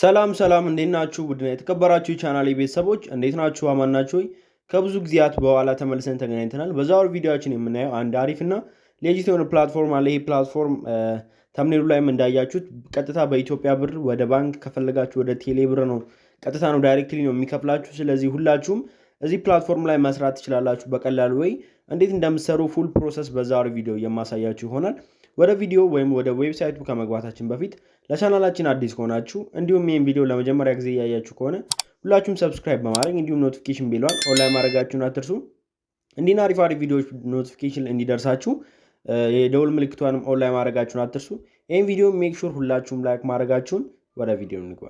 ሰላም ሰላም እንዴት ናችሁ? ቡድና የተከበራችሁ የቻናል ቤተሰቦች እንዴት ናችሁ? አማን ናችሁ ከብዙ ጊዜያት በኋላ ተመልሰን ተገናኝተናል። በዛሬው ቪዲዮችን የምናየው አንድ አሪፍ እና ሌጂት የሆነ ፕላትፎርም አለ። ይህ ፕላትፎርም ተምኔሉ ላይም እንዳያችሁት ቀጥታ በኢትዮጵያ ብር ወደ ባንክ ከፈለጋችሁ ወደ ቴሌ ብር ነው ቀጥታ ነው ዳይሬክትሊ ነው የሚከፍላችሁ። ስለዚህ ሁላችሁም እዚህ ፕላትፎርም ላይ መስራት ትችላላችሁ በቀላሉ ወይ እንዴት እንደምትሰሩ ፉል ፕሮሰስ በዛሬው ቪዲዮ የማሳያችሁ ይሆናል። ወደ ቪዲዮ ወይም ወደ ዌብሳይቱ ከመግባታችን በፊት ለቻናላችን አዲስ ከሆናችሁ እንዲሁም ይህን ቪዲዮ ለመጀመሪያ ጊዜ እያያችሁ ከሆነ ሁላችሁም ሰብስክራይብ በማድረግ እንዲሁም ኖቲፊኬሽን ቤሏን ኦንላይን ማድረጋችሁን አትርሱ። እንዲህን አሪፍ አሪፍ ቪዲዮዎች ኖቲፊኬሽን እንዲደርሳችሁ የደውል ምልክቷንም ኦንላይን ማድረጋችሁን አትርሱ። ይህን ቪዲዮ ሜክ ሹር ሁላችሁም ላይክ ማድረጋችሁን ወደ ቪዲዮ እንግባ።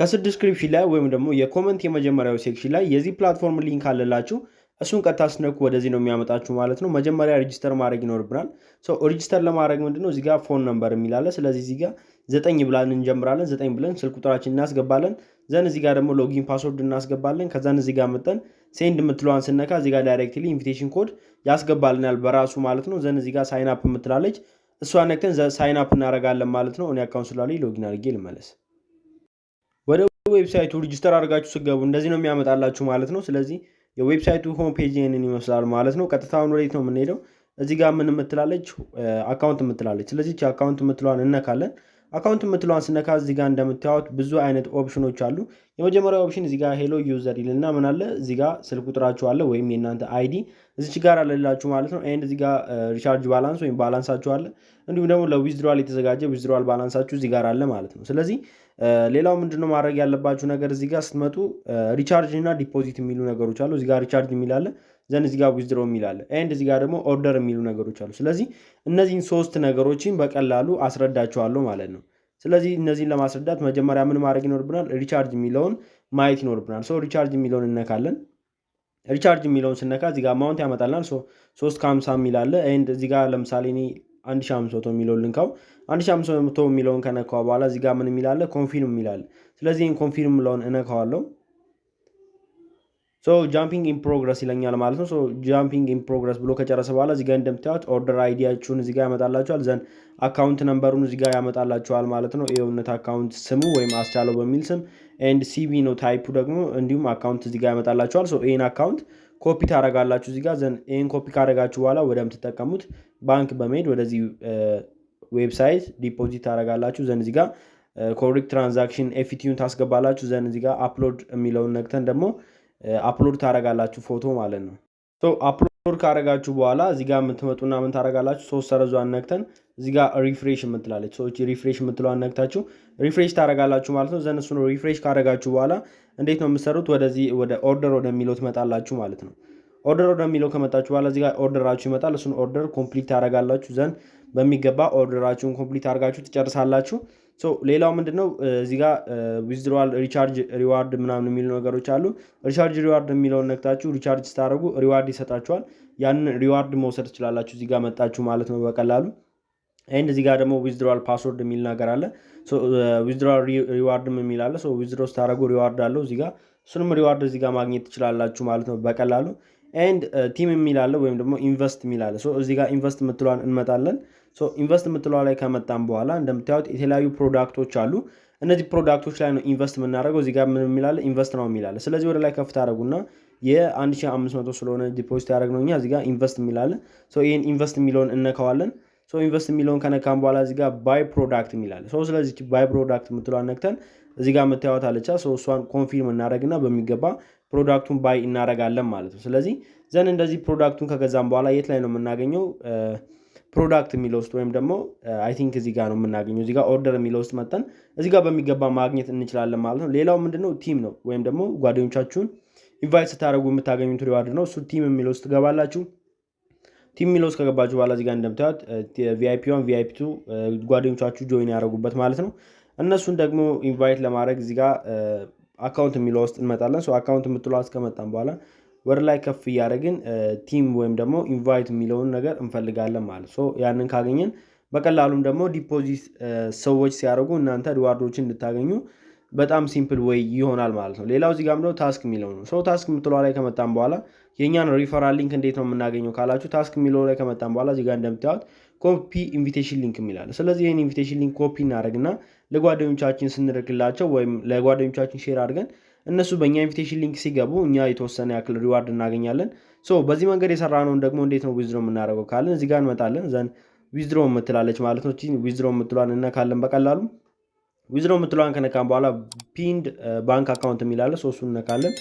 ከስር ዲስክሪፕሽን ላይ ወይም ደግሞ የኮመንት የመጀመሪያው ሴክሽን ላይ የዚህ ፕላትፎርም ሊንክ አለላችሁ። እሱን ቀጥታ ስነኩ ወደዚህ ነው የሚያመጣችሁ ማለት ነው። መጀመሪያ ሬጅስተር ማድረግ ይኖርብናል። ሬጅስተር ለማድረግ ምንድነው እዚጋ ፎን ነምበር የሚላለ ስለዚህ እዚጋ ዘጠኝ ብላን እንጀምራለን። ዘጠኝ ብለን ስልክ ቁጥራችን እናስገባለን። ዘን እዚህ ጋር ደግሞ ሎጊን ፓስወርድ እናስገባለን። ከዛን እዚህ ጋር መጠን ሴንድ የምትለዋን ስነካ እዚህ ጋር ዳይሬክትሊ ኢንቪቴሽን ኮድ ያስገባልናል በራሱ ማለት ነው። ዘን እዚህ ጋር ሳይን አፕ የምትላለች እሷ ነክተን ሳይን አፕ እናደርጋለን ማለት ነው። እኔ አካውንት ስላለኝ ሎጊን አድርጌ ልመለስ። ወደ ዌብሳይቱ ሪጅስተር አድርጋችሁ ስገቡ እንደዚህ ነው የሚያመጣላችሁ ማለት ነው። ስለዚህ የዌብሳይቱ ሆም ፔጅ ይህንን ይመስላል ማለት ነው። ቀጥታውን ወዴት ነው የምንሄደው? እዚህ ጋር ምን የምትላለች አካውንት የምትላለች። ስለዚህ አካውንት የምትለዋን እነካለን። አካውንት የምትለዋን ስነካ እዚህ ጋር እንደምታዩት ብዙ አይነት ኦፕሽኖች አሉ። የመጀመሪያ ኦፕሽን እዚህ ጋር ሄሎ ዩዘር ይልና ምን አለ እዚህ ጋር ስልክ ቁጥራችሁ አለ ወይም የእናንተ አይዲ እዚች ጋር አለላችሁ ማለት ነው። ኤንድ እዚህ ጋር ሪቻርጅ ባላንስ ወይም ባላንሳችሁ አለ። እንዲሁም ደግሞ ለዊዝድሯል የተዘጋጀ ዊዝድሯል ባላንሳችሁ እዚህ ጋር አለ ማለት ነው። ስለዚህ ሌላው ምንድነው ማድረግ ያለባችሁ ነገር እዚህ ጋር ስትመጡ ሪቻርጅ እና ዲፖዚት የሚሉ ነገሮች አሉ። እዚህ ጋር ሪቻርጅ የሚል አለ ዘን እዚጋ ዊዝድሮ የሚል አለ ኤንድ እዚህ ደግሞ ኦርደር የሚሉ ነገሮች አሉ። ስለዚህ እነዚህን ሶስት ነገሮችን በቀላሉ አስረዳቸዋለሁ ማለት ነው። ስለዚህ እነዚህን ለማስረዳት መጀመሪያ ምን ማድረግ ይኖርብናል? ሪቻርጅ የሚለውን ማየት ይኖርብናል። ሶ ሪቻርጅ የሚለውን እነካለን። ሪቻርጅ የሚለውን ስነካ እዚጋ ማውንት ያመጣልናል። ሶስት ከሀምሳ የሚል አለ ኤንድ እዚህ ለምሳሌ እኔ አንድ ሺ አምስት መቶ የሚለውን ልንካው። አንድ ሺ አምስት መቶ የሚለውን ከነካዋ በኋላ እዚጋ ምን የሚላለ ኮንፊርም የሚላለ። ስለዚህ ኮንፊርም የሚለውን እነካዋለው ሶ ጃምፒንግ ኢን ፕሮግረስ ይለኛል ማለት ነው። ሶ ጃምፒንግ ኢን ፕሮግረስ ብሎ ከጨረሰ በኋላ እዚጋ እንደምታዩት ኦርደር አይዲያችሁን እዚጋ ያመጣላችኋል። ዘን አካውንት ነንበሩን እዚጋ ያመጣላችኋል ማለት ነው። የእውነት አካውንት ስሙ ወይም አስቻለው በሚል ስም ኤንድ ሲቪ ነው ታይፑ ደግሞ እንዲሁም አካውንት እዚጋ ያመጣላችኋል። ሶ ይህን አካውንት ኮፒ ታደረጋላችሁ እዚጋ። ዘን ይህን ኮፒ ካደረጋችሁ በኋላ ወደምትጠቀሙት ባንክ በመሄድ ወደዚህ ዌብሳይት ዲፖዚት ታደረጋላችሁ። ዘን እዚጋ ኮሪክ ትራንዛክሽን ኤፊቲዩን ታስገባላችሁ። ዘን እዚጋ አፕሎድ የሚለውን ነግተን ደግሞ አፕሎድ ታደረጋላችሁ ፎቶ ማለት ነው። አፕሎድ ካረጋችሁ በኋላ እዚህ ጋር የምትመጡና ምን ታረጋላችሁ? ሶስት ሰረዟን ነክተን እዚህ ጋር ሪፍሬሽ የምትላለች ሰዎች ሪፍሬሽ የምትለዋን ነክታችሁ ሪፍሬሽ ታረጋላችሁ ማለት ነው። ዘነሱ ነው ሪፍሬሽ ካደረጋችሁ በኋላ እንዴት ነው የምትሰሩት? ወደዚህ ወደ ኦርደር ወደሚለው ትመጣላችሁ ማለት ነው። ኦርደር ወደሚለው ከመጣችሁ በኋላ እዚህ ጋር ኦርደራችሁ ይመጣል። እሱን ኦርደር ኮምፕሊት ታረጋላችሁ። ዘን በሚገባ ኦርደራችሁን ኮምፕሊት አድርጋችሁ ትጨርሳላችሁ። ሌላው ምንድን ነው እዚህ ጋር ዊዝድሮዋል ሪቻርጅ ሪዋርድ ምናምን የሚሉ ነገሮች አሉ። ሪቻርጅ ሪዋርድ የሚለውን ነክታችሁ ሪቻርጅ ስታደርጉ ሪዋርድ ይሰጣችኋል። ያንን ሪዋርድ መውሰድ ትችላላችሁ እዚህ ጋር መጣችሁ ማለት ነው በቀላሉ። ይህን እዚህ ጋር ደግሞ ዊዝድሮዋል ፓስወርድ የሚል ነገር አለ። ዊዝድሮዋል ሪዋርድም የሚል አለ። ዊዝድሮ ስታደርጉ ሪዋርድ አለው እዚህ ጋር እሱንም ሪዋርድ እዚህ ጋር ማግኘት ትችላላችሁ ማለት ነው በቀላሉ ኤንድ ቲም የሚላለ ወይም ደግሞ ኢንቨስት የሚላለ እዚህ ጋር ኢንቨስት የምትለዋን እንመጣለን። ኢንቨስት የምትለዋ ላይ ከመጣም በኋላ እንደምታዩት የተለያዩ ፕሮዳክቶች አሉ። እነዚህ ፕሮዳክቶች ላይ ነው ኢንቨስት የምናደርገው። እዚህ ጋር ምን የሚላለ ኢንቨስት ነው የሚላለ። ስለዚህ ወደ ላይ ከፍት አደረጉና የ1500 ስለሆነ ዲፖዚት ያደረግነው እኛ እዚህ ጋር ኢንቨስት የሚላለ። ይህን ኢንቨስት የሚለውን እነካዋለን። ኢንቨስት የሚለውን ከነካም በኋላ እዚጋ ባይ ፕሮዳክት የሚላል ሰው። ስለዚህ ባይ ፕሮዳክት የምትለዋን ነክተን እዚጋ ጋር አለቻ ሰው እሷን ኮንፊርም እናደረግና በሚገባ ፕሮዳክቱን ባይ እናደረጋለን ማለት ነው። ስለዚህ ዘን እንደዚህ ፕሮዳክቱን ከገዛም በኋላ የት ላይ ነው የምናገኘው? ፕሮዳክት የሚለው ውስጥ ወይም ደግሞ አይ ቲንክ እዚህ ጋር ነው የምናገኘው። እዚጋ ኦርደር የሚለው ውስጥ መጠን እዚህ ጋር በሚገባ ማግኘት እንችላለን ማለት ነው። ሌላው ምንድነው ቲም ነው ወይም ደግሞ ጓደኞቻችሁን ኢንቫይት ስታደረጉ የምታገኙት ሪዋርድ ነው። እሱ ቲም የሚለው ውስጥ ትገባላችሁ። ቲም የሚለው ውስጥ ከገባችሁ በኋላ እዚጋ እንደምታዩት ቪአይፒ ዋን ቪአይፒ ቱ ጓደኞቻችሁ ጆይን ያደረጉበት ማለት ነው። እነሱን ደግሞ ኢንቫይት ለማድረግ እዚጋ አካውንት የሚለው ውስጥ እንመጣለን። አካውንት የምትለ እስከመጣን በኋላ ወደ ላይ ከፍ እያደረግን ቲም ወይም ደግሞ ኢንቫይት የሚለውን ነገር እንፈልጋለን ማለት ያንን ካገኘን በቀላሉም ደግሞ ዲፖዚት ሰዎች ሲያደርጉ እናንተ ሪዋርዶችን እንድታገኙ በጣም ሲምፕል ወይ ይሆናል ማለት ነው። ሌላው እዚህ ጋር ታስክ የሚለው ነው። ሰው ታስክ የምትለዋ ላይ ከመጣም በኋላ የእኛን ሪፈራል ሊንክ እንዴት ነው የምናገኘው ካላችሁ ታስክ የሚለው ላይ ከመጣም በኋላ እዚጋ ጋር እንደምታዩት ኮፒ ኢንቪቴሽን ሊንክ የሚላል። ስለዚህ ይህን ኢንቪቴሽን ሊንክ ኮፒ እናደርግና ለጓደኞቻችን ስንልክላቸው ወይም ለጓደኞቻችን ሼር አድርገን እነሱ በእኛ ኢንቪቴሽን ሊንክ ሲገቡ እኛ የተወሰነ ያክል ሪዋርድ እናገኛለን። ሶ በዚህ መንገድ የሰራ ነውን ደግሞ እንዴት ነው ዊዝድሮ የምናደርገው ካለን እዚጋ እንመጣለን። ዘን ዊዝድሮ የምትላለች ማለት ነው። ዊዝድሮ የምትሏን እነካለን በቀላሉ ዊዝሮ የምትለዋን ከነካን በኋላ ፒንድ ባንክ አካውንት የሚላለ ሶስቱን እነካለን።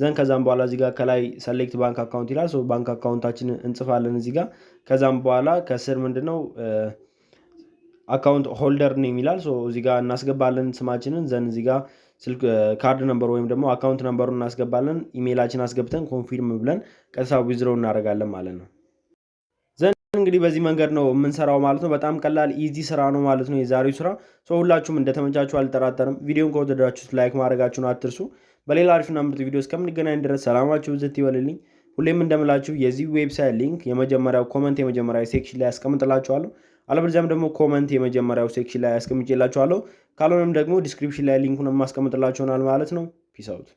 ዘን ከዛም በኋላ እዚጋ ከላይ ሰሌክት ባንክ አካውንት ይላል። ባንክ አካውንታችን እንጽፋለን እዚጋ። ከዛም በኋላ ከስር ምንድነው አካውንት ሆልደር ነው የሚላል። እዚጋ እናስገባለን ስማችንን። ዘን እዚጋ ካርድ ነምበር ወይም ደግሞ አካውንት ነምበሩን እናስገባለን። ኢሜይላችን አስገብተን ኮንፊርም ብለን ቀጥታ ዊዝሮ እናደርጋለን ማለት ነው። እንግዲህ በዚህ መንገድ ነው የምንሰራው ማለት ነው። በጣም ቀላል ኢዚ ስራ ነው ማለት ነው የዛሬው ስራ። ሰው ሁላችሁም እንደተመቻችሁ አልጠራጠርም። ቪዲዮን ከወደዳችሁት ላይክ ማድረጋችሁን አትርሱ። በሌላ አሪፍና ምርጥ ቪዲዮ እስከምንገናኝ ድረስ ሰላማችሁ ብዝት ይበልልኝ። ሁሌም እንደምላችሁ የዚህ ዌብሳይት ሊንክ የመጀመሪያው ኮመንት የመጀመሪያ ሴክሽን ላይ ያስቀምጥላችኋለሁ። አለበለዚያም ደግሞ ኮመንት የመጀመሪያው ሴክሽን ላይ ያስቀምጬላችኋለሁ። ካልሆነም ደግሞ ዲስክሪፕሽን ላይ ሊንኩን የማስቀምጥላችሁናል ማለት ነው። ፒስ አውት